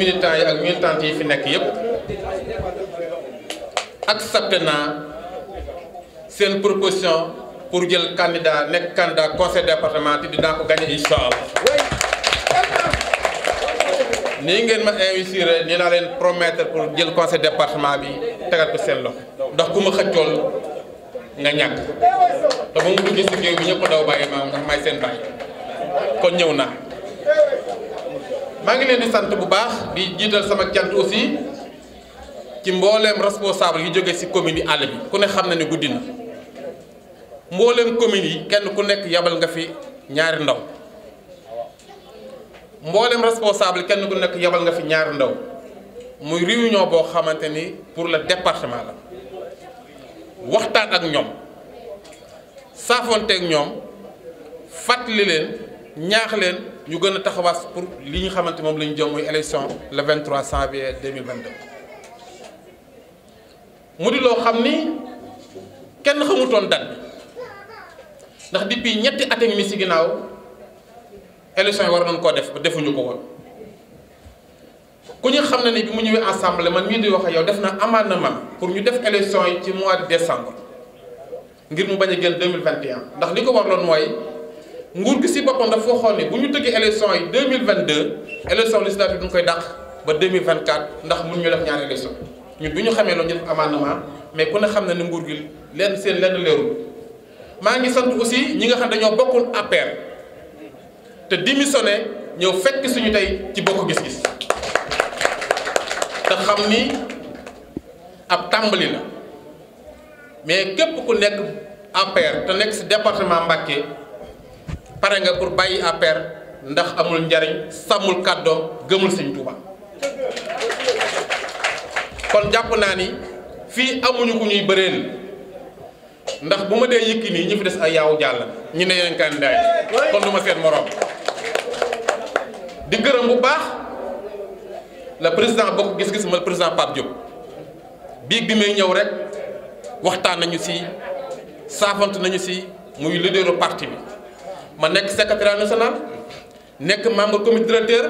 militants yi ak militantes yi fi nekk yépp accepté naa seen proposition pour jël candidat nekk candidat conseil départemental dinaa ko gagné incha allah nii ngeen ma investir ni naa leen promettre pour jël conseil département bi tegal ko seen loxo ndax ku ma xëccool nga ñàkk te ba mu dugg si géew bi ñëpp daw bàyyi maam ndax may seen bàyyi kon ñëw naa. maa ngi leen di sant bu baax di jiital sama cant aussi ci mbooleem responsable yu jóge ci commune àll bi ku ne xam na ne guddi na mbooleem commune yi kenn ku nekk yabal nga fi ñaari ndaw mbooleem responsable kenn ku nekk yabal nga fi ñaari ndaw muy réunion boo xamante ni pour le département la waxtaan ak ñoom saafonteeg ñoom fàttali leen ñaax leen ñu gën a taxawaas pour li ñu xamante moom la ñu jëm muy élection le 23 janvier 2022 mu di loo xam ni kenn xamutoon date bi ndax depuis ñetti at ak mi si ginnaaw élection yi war nañ koo def ba defuñu ko woon ku ñu xam na ni bi mu ñëwee ensemble man mii di wax yow def na amendement pour ñu def élection yi ci mois de décembre ngir mu bañ a génn 2021 ndax li ko warloon mooy. nguur gi si boppam dafa waxoon ne bu ñu tëggee élection yi 2022 élection législative duñ koy dàq ba 2024 ndax mun ñu def ñaari élection ñun bi ñu xamee loolu ñu def amendement mais ku ne xam na ne nguur gi lenn seen lenn leeru maa ngi sant aussi ñi nga xam dañoo bokkul APR te démissionné ñëw fekk suñu tey ci bokk gis-gis te xam ni ab tàmbali la mais képp ku nekk APR te nekk si département Mbacké pare nga pour bàyyi APR ndax amul njariñ sàmmul kàddoom gëmul sëñ Tuuba kon jàpp naa ni fii amuñu ku ñuy bëreel ndax bu ma dee yëkki nii ñi fi des ay yaaw jàll ñu ne yeneen candidat yi kon du ma seen moroom di gërëm bu baax la président bokk gis-gis ma président Pape Diop biig bi may ñëw rek waxtaan nañu si saafant nañu si muy leaderu parti bi ma nekk secrétaire national nekk membre comité directeur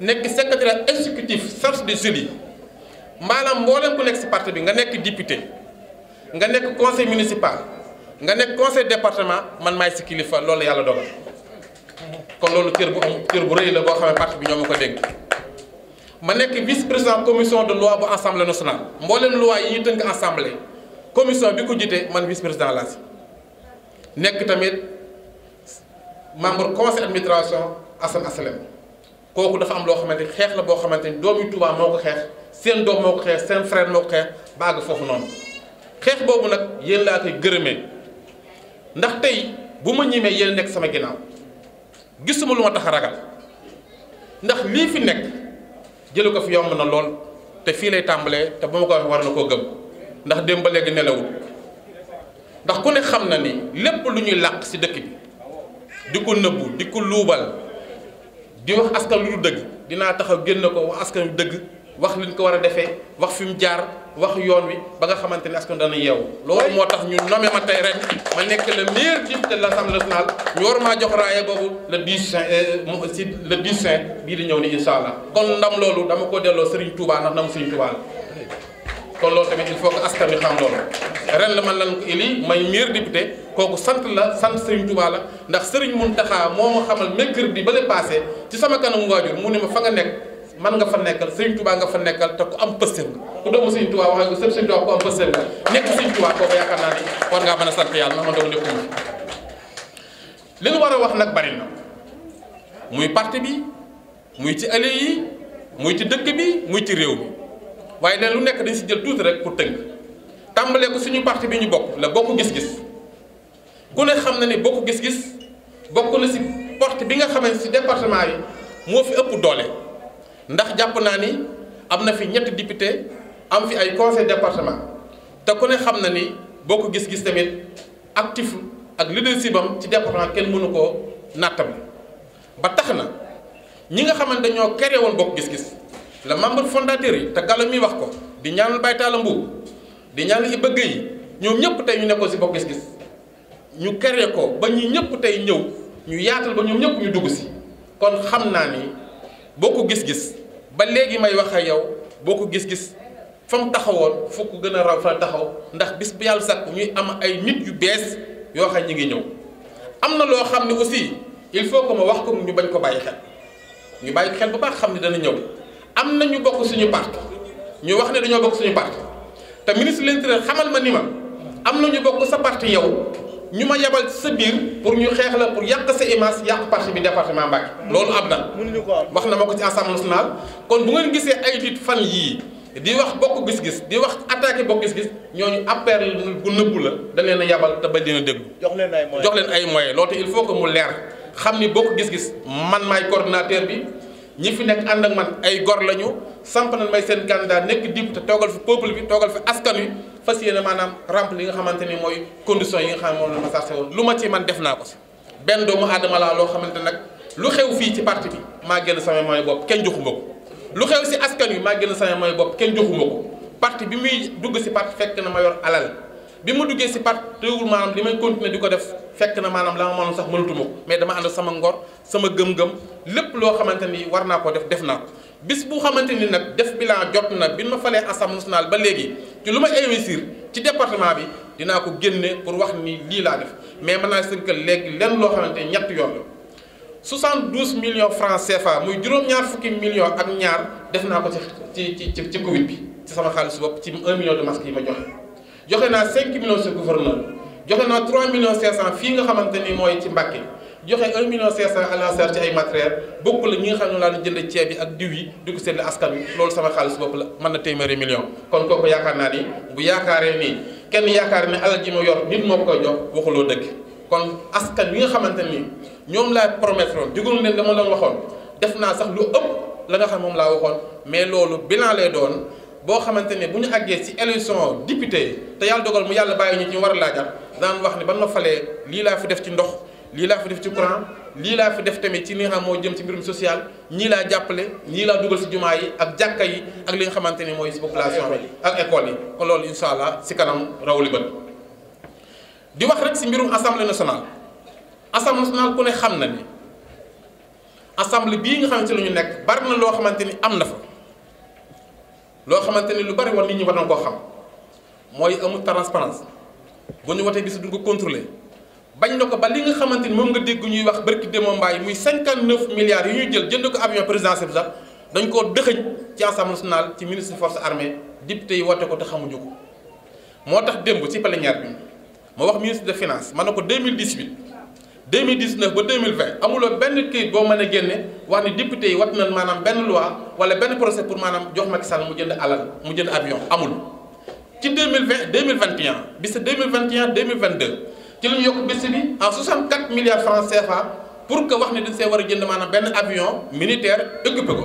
nekk secrétaire exécutif chargé de jeunes yi maanaam mboolem ku nekk si parti bi nga nekk député nga nekk conseil municipal nga nekk conseil département man maay si kilifa loolu yàlla dogal kon loolu cër bu am cër bu rëy la boo xam ne parti bi ñoo ma ko dénk ma nekk vice président commission de loi bu assemblée nationale mboolem loi yi ñu tënk assemblée commission bi ko jiite man vice président laa si nekk tamit. membre conseil administration Assane Asalem kooku dafa am loo xamante ni xeex la boo xamante ni doomi Touba moo ko xeex seen doom moo ko xeex seen frère moo ko xeex ba àgg foofu noonu xeex boobu nag yéen laa koy gërëmee ndax tey bu ma ñimee yéen nekk sama ginnaaw gisuma lu ma tax a ragal ndax lii fi nekk jëlu ko fi yomb na lool te fii lay tàmbalee te bu ma ko war na koo gëm ndax démb ba nelawul ndax ku ne xam na ni lépp lu ñuy làq si dëkk bi. di ko nëbbu di ko luubal di wax askan lu dul dëgg dinaa tax a génn ko wax askan lu dëgg wax liñ ko war a defee wax fi mu jaar wax yoon wi ba nga xamante ne askan dana yeewu loolu moo tax ñu nommé ma tey ren ma nekk le meilleur député de l'Assemblée nationale ñu war maa jox raaya boobu le 10 euh, si le 10 juin bii di ñëw ni incha allah kon ndam loolu dama ko delloo Serigne Touba ndax ndam Serigne Touba kon loolu tamit il faut que askan wi xam loolu ren la man lan kooku sant la sant Serigne Touba la ndax Serigne Mountakha moo ma xamal mercredi ba le passé ci sama kanamu waajur mu ne ma fa nga nekk man nga fa nekkal Serigne Touba nga fa nekkal te ku am pëstéef nga ku doomu Serigne Touba waxee ko sëb Serigne Touba ku am pëstéef nga nekk Serigne Touba kooku yaakaar naa ni war ngaa mën a sant yàlla na ma doom nekkuma li nu war a wax nag bari muy parti bi muy ci allée yi muy ci dëkk bi muy ci réew mi waaye leen lu nekk dañ si jël tuuti rek pour tënk tàmbalee ko suñu parti bi ñu bokk la bokk gis-gis ku ne xam na ne bokk gis-gis bokk na si porte bi nga xamee si département yi moo fi ëpp doole ndax jàpp naa ni am na fi ñetti député am fi ay conseil département te ku ne xam na ni bokk gis-gis tamit actif ak leadership am ci département kenn mënu koo nattam ba tax na ñi nga xamante dañoo créé woon bokk gis-gis la membre fondateur yi te gàllam mi wax ko di ñaanal baytaala mbuub di ñaanal Iba Guèye ñoom ñëpp tey ñu nekkoon si bokk gis-gis. ñu créé ko ba ñu ñëpp tey ñëw ñu yaatal ba ñoom ñëpp ñu dugg si kon xam naa ni boo ko gis-gis ba léegi may wax ak yow boo ko gis-gis fa mu taxawoon fokk gën a raw fa taxaw ndax bis bu yàlla sàkk ñuy am ay nit yu bees yoo xam ngi ñëw am na loo xam ne aussi il faut que ma wax ko ñu bañ ko bàyyi xel ñu bàyyi xel bu baax xam ne dana ñëw am na ñu bokk suñu parti ñu wax ne dañoo bokk suñu parti te ministre de l'Intérieur xamal ma ni ma am na ñu bokk sa parti yow ñu ma yebal sa biir pour ñu xeex la pour yàq sa image yàq parce bi département Mbacké loolu am na wax na ma ko ci assemblée nationale kon bu ngeen gisee ay nit fan yii di wax bokk gis-gis di wax attaqué bokk gis-gis ñoo ñooñu appel bu nëbbu la dañ leen a yabal te ba leen a déglu jox leen ay moyens jox leen ay moyens loolu te il faut que mu leer xam ni bokk gis-gis man maay coordinateur bi ñi fi nekk ànd ak man ay gor lañu samp na may seen candidat nekk député te toogal fi peuple bi toogal fi askan wi fas yéene maanaam remplir li nga xamante ni mooy conditions yi nga xam ne moom lu ma ci man def naa ko si benn doomu aadama laa loo xamante nag lu xew fii ci parti bi maa génn sama mooy bopp kenn joxuma ko lu xew si askan wi maa génn sama mooy bopp kenn joxuma parti bi muy dugg si parti fekk na ma yor alal bi ma duggee si parti teewul maanaam li may continuer di ko def fekk na maanaam la ma mënoon sax mënatuma ko mais dama ànd sama ngor sama gëm-gëm lépp loo xamante ni war naa ko def def naa ko bis bu xamante ni nag def bilan jot na bi ma falee assemblée nationale ba léegi ci lu ma investir ci département bi dinaa ko génne pour wax ni lii laa def mais mën naa sënkal léegi lenn loo xamante ni ñett yoon la 72 millions francs CFA muy juróom-ñaar fukki millions ak ñaar def naa ko ci ci ci ci Covid bi ci sama xaalis bopp ci 1 million de masques yi ma joxe joxe naa 5 millions sur gouverneur joxe naa 3 millions 500 fii nga xamante ni mooy ci Mbàkke joxe 1 million 500 à l'ANSAR ci ay matériel bokk la ñi nga xam ne laa jënd ceeb yi ak diw yi di ko seddale askan wi loolu sama xaalis bopp la mën na téeméeri million kon kooku yaakaar naa ni bu yaakaaree nii kenn yaakaar ne alal ji ma yor nit moo ko koy jox waxuloo dëgg kon askan wi nga xamante ni ñoom laa promettre woon digul leen dama la waxoon def naa sax lu ëpp la nga xam moom laa waxoon mais loolu bilan lay doon boo xamante ne bu ñu àggee ci élection député te yàlla dogal mu yàlla bàyyi ñu war a laajaat daan wax ne ban ma falee lii laa fi def ci ndox lii laa fi def ci courant lii laa fi def tamit ci li nga xam moo jëm ci mbirum social ñii laa jàppale ñii laa dugal ci jumaa yi ak jàkka yi ak li nga xamante ni mooy population bi ak école yi kon loolu incha allah si kanam raw li bët di wax rek si mbirum assemblée nationale assemblée nationale ku ne xam na ni assemblée bii nga xamante ne ñu nekk bari na loo xamante ni am na fa loo xamante ni lu bari war nit ñi war koo xam mooy amul transparence bu ñu watee bis duñ ko bañ na ko ba li nga xamante ni moom nga dégg ñuy wax barki démo mbaay muy 59 milliards yu ñu jël jënd ko avion présidentiel sax dañ koo dëxëñ ci assemblée nationale ci ministre force armée député yi woote ko te xamuñu ko. moo tax démb ci plénière bi ma wax ministre de finance ma ne ko 2018 2019 ba 2020 amuloo benn këyit boo mën a génne wax ni député yi wat nañ maanaam benn loi wala benn projet pour maanaam jox Macky mu jënd alal mu jënd avion amul. ci 2020 2021 ci la ñu yokk bés bi en 64 milliards francs CFA pour que wax ne dañ see war a jënd maanaam benn avion militaire équipé ko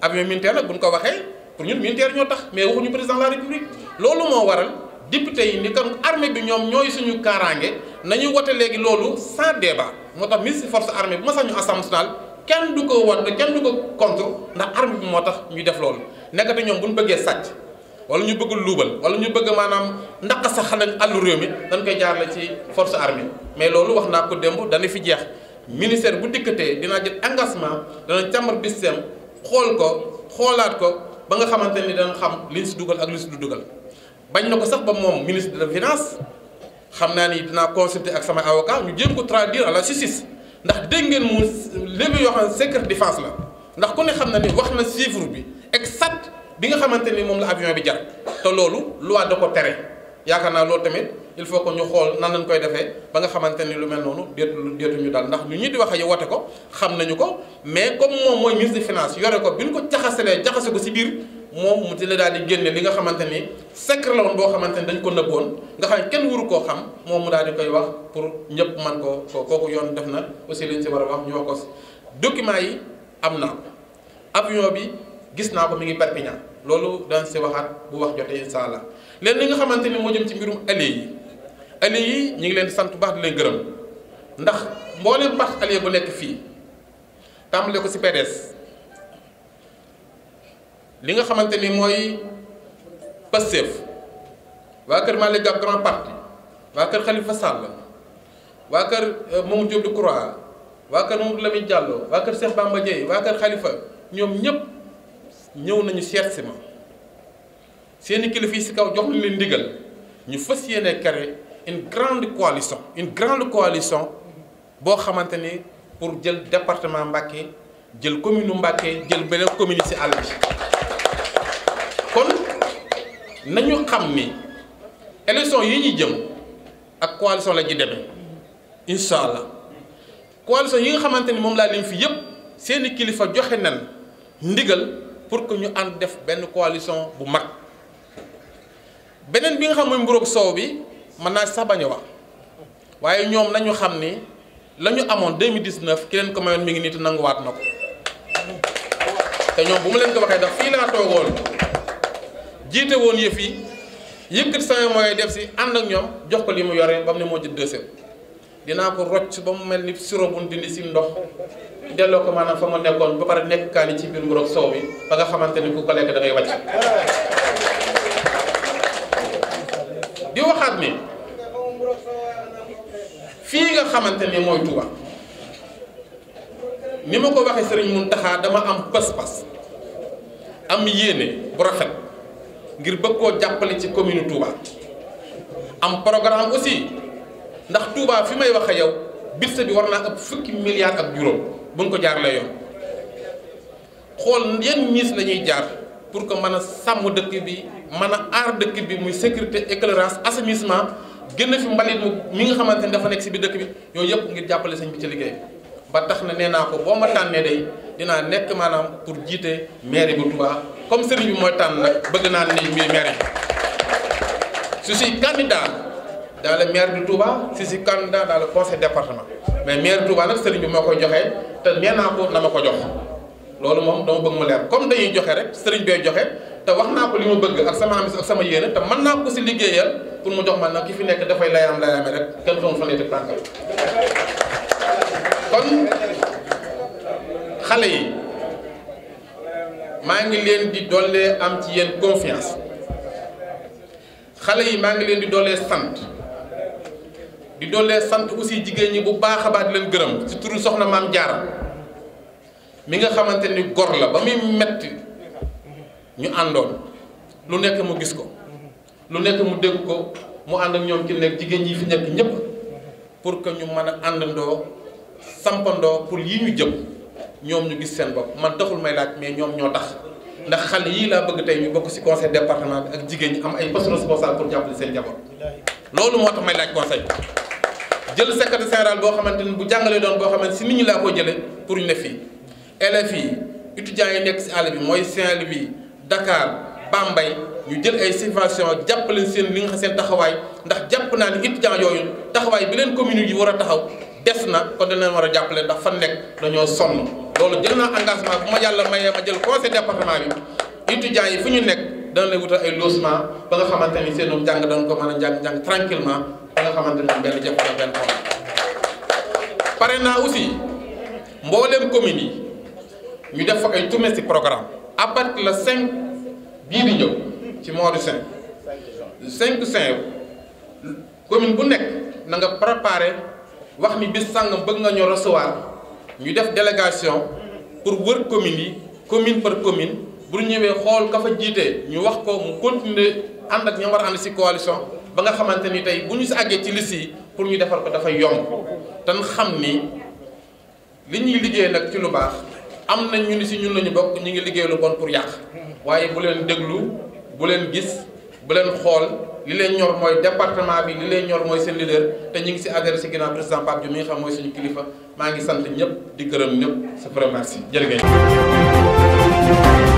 avion militaire nag bu ñu ko waxee pour ñu militaire ñoo tax mais waxuñu président de la république loolu moo waral député yi ni kon armée bi ñoom ñooy suñu kaaraange nañu wote léegi loolu sans débat moo tax ministre force armée bu ma sax ñu assemblée nationale kenn du ko wote kenn du ko contre ndax armée bi moo tax ñuy def loolu nekkati ñoom bu ñu bëggee sàcc. wala ñu bëgg luubal wala ñu bëgg maanaam ndax sax xalañ àllu réew mi dañ koy jaarale ci force armée mais loolu wax naa ko démb dana fi jeex ministère bu dikkatee dinaa jël engagement dana càmbar bis seen xool ko xoolaat ko ba nga xamante ni dana xam liñ si dugal ak liñ du dugal bañ na ko sax ba moom ministre de finance xam naa ni dinaa consulter ak samay avocat ñu jéem ko traduire a la justice ndax dégg ngeen mu lépp yoo xam ne di défense la ndax ku ne xam na ni wax na chiffre bi exact bi nga xamante ni moom la avion bi jar te loolu loi da ko tere yaakaar naa loolu tamit il faut que ñu xool nan lañ koy defee ba nga xamante ni lu mel noonu déetu déetu ñu daal ndax ñu ñi di wax yow wote ko xam nañu ko mais comme moom mooy ministre des finances yore ko bi ñu ko jaxaselee jaxase ko si biir moom mu di la daal di génne li nga xamante ni secret la boo xamante ni dañ ko nëbboon nga xam kenn wuru koo xam moom mu daal di koy wax pour ñëpp man ko kooku yoon def na aussi liñ si war a ko si document yi am na avion bi gis naa ko mi ngi Perpignan loolu daan si waxaat bu wax jotee incha leen li nga xamante ni moo jëm ci mbirum alliés yi alliés yi ñu ngi leen sant bu baax di leen gërëm ndax mbooleem parti allié bu nekk fii tàmbale ko si PDS li nga xamante ni mooy Pastef waa kër Malick Gakou grand parti waa kër Khalifa Sall waa kër euh, Mamadou Diop Decroix waa kër Mamadou Lamine Diallo waa kër Cheikh Bamba Dièye waa kër Khalifa ñoom ñëpp. ñëw nañu seet si ma seeni kilifa yi si kaw jox nañ leen ndigal ñu fas yéene créer une grande coalition une grande coalition boo xamante ni pour jël département Mbacké jël commune u Mbacké jël beneen commune si àll bi kon nañu xam ni élection yi ñuy jëm ak coalition la ji demee incha allah coalition yi nga xamante ni moom laa leen fi yëpp seeni kilifa joxe nan ndigal pour que ñu ànd def benn coalition bu mag beneen bi nga xam mooy mburoog soow bi mën naa sax bañ waaye ñoom nañu xam ni la ñu amoon 2019 ki leen ko mayoon mi ngi nii nanguwaat na ko te ñoom bu ma leen ko waxee ndax fii laa toogoon jiite woon yëf yi yëkkat sama mooy def si ànd ak ñoom jox ko li mu yore ba mu ne moo jël deuxième dinaa ko rocc ba mu mel ni sirop bu dindi si ndox delloo ko maanaam fa ma nekkoon ba pare nekk kaani ci biir mburoog soow bi ba nga xamante ni ku ko lekk da ngay wàcc di waxaat ni nga xamante ni mooy Touba ni ma ko waxee Serigne Mountakha dama am pas-pas am yéene bu rafet ngir bëgg koo jàppale ci commune Touba am programme aussi ndax Touba fi may wax ak yow budget bi war naa ëpp fukki milliards ak juróom bu buñ ko jaar la yoon xool yan miis la ñuy jaar pour que mën a sàmm dëkk bi mën a aar dëkk bi muy sécurité éclairage assainissement gën a fi mbalit mu mi nga xamante ne dafa nekk si biir dëkk bi yooyu yëpp ngir jàppale sëñ bi ci liggéey ba tax na nee naa ko boo ma tànnee day dinaa nekk maanaam pour jiite mairie bu Touba comme sëriñ bi mooy tànn bëgg naa ne nii maire si candidat dans le maire de Touba si si candidat daal le conseil département mais maire de Touba nag sëriñ bi moo koy joxe te nee naa ko na ma ko jox loolu moom dama bëgg mu leer comme dañuy joxe rek sëriñ bee joxe te wax naa ko li ma bëgg ak sama amis ak sama yéene te mën naa ko si liggéeyal pour mu jox man nag ki fi nekk dafay layaam layaame rek kenn doon fa nekk tànkal kon xale yi maa ngi leen di dollee am ci yéen confiance xale yi maa ngi leen di dollee sant di doolee sant aussi jigéen ñi bu baax a baax leen gërëm si turu soxna maam Jaara mi nga xamante ni gor la ba muy metti ñu àndoon lu nekk mu gis ko lu nekk mu dégg ko mu ànd ak ñoom ci nekk jigéen ñi fi nekk ñëpp pour que ñu mën a àndandoo sampandoo pour yi ñu jëm ñoom ñu gis seen bopp man taxul may laaj mais ñoom ñoo tax ndax xale yii laa bëgg tey ñu bokk ci conseil départemental ak jigéen ñi am ay postes responsables pour jàppale seen njaboot loolu moo tax may laaj conseil jël secrétaire général boo xamante ni bu jàngalee doon boo xamante si nit ñi laa ko jëlee pour ñu ne fii élèves yi étudiants yi nekk si àll bi mooy Saint-Louis Dakar Bambey ñu jël ay subvention jàppale seen li nga xam seen taxawaay ndax jàpp naa ni étudiants yooyu taxawaay bi leen communes yi war a taxaw des na kon dañ leen war a jàppale ndax fan nekk dañoo sonn loolu jël naa engagement bu ma yàlla mayee ma jël conseil département bi étudiants yi fu ñu nekk dana lay wutal ay logement ba nga xamante ni seen jàng doon ko mën a jàng jàng tranquillement ba nga xamante ne benn jafe-jafe benn xool pare naa aussi mboolem commune yi ñu def fa ay tournée ci programme à la le 5 bii di ñëw ci mois de juin 5 juin commune bu nekk na nga préparer wax ni bis sàngam bëgg nga ñoo recevoir ñu def délégation pour wër communes yi commune par commune bu ñëwee xool nga fa jiitee ñu wax ko mu continuer ànd ak ñoom war a ànd ci coalition. ba nga xamante ni tey bu ñu si àggee ci liste si pour ñu defar ko dafay yomb tan xam ni li ñuy liggéey nag ci lu baax am na ñu ni si ñun lañu bokk ñu ngi liggéey lu bon pour yàq waaye bu leen déglu bu leen gis bu leen xool li leen ñor mooy département bi li leen ñor mooy seen leader te ñu ngi si adhéré si ginnaaw président Pape Diop mi nga xam mooy suñu kilifa maa ngi sant ñëpp di gërëm ñëpp sa vraiment merci jërëjëf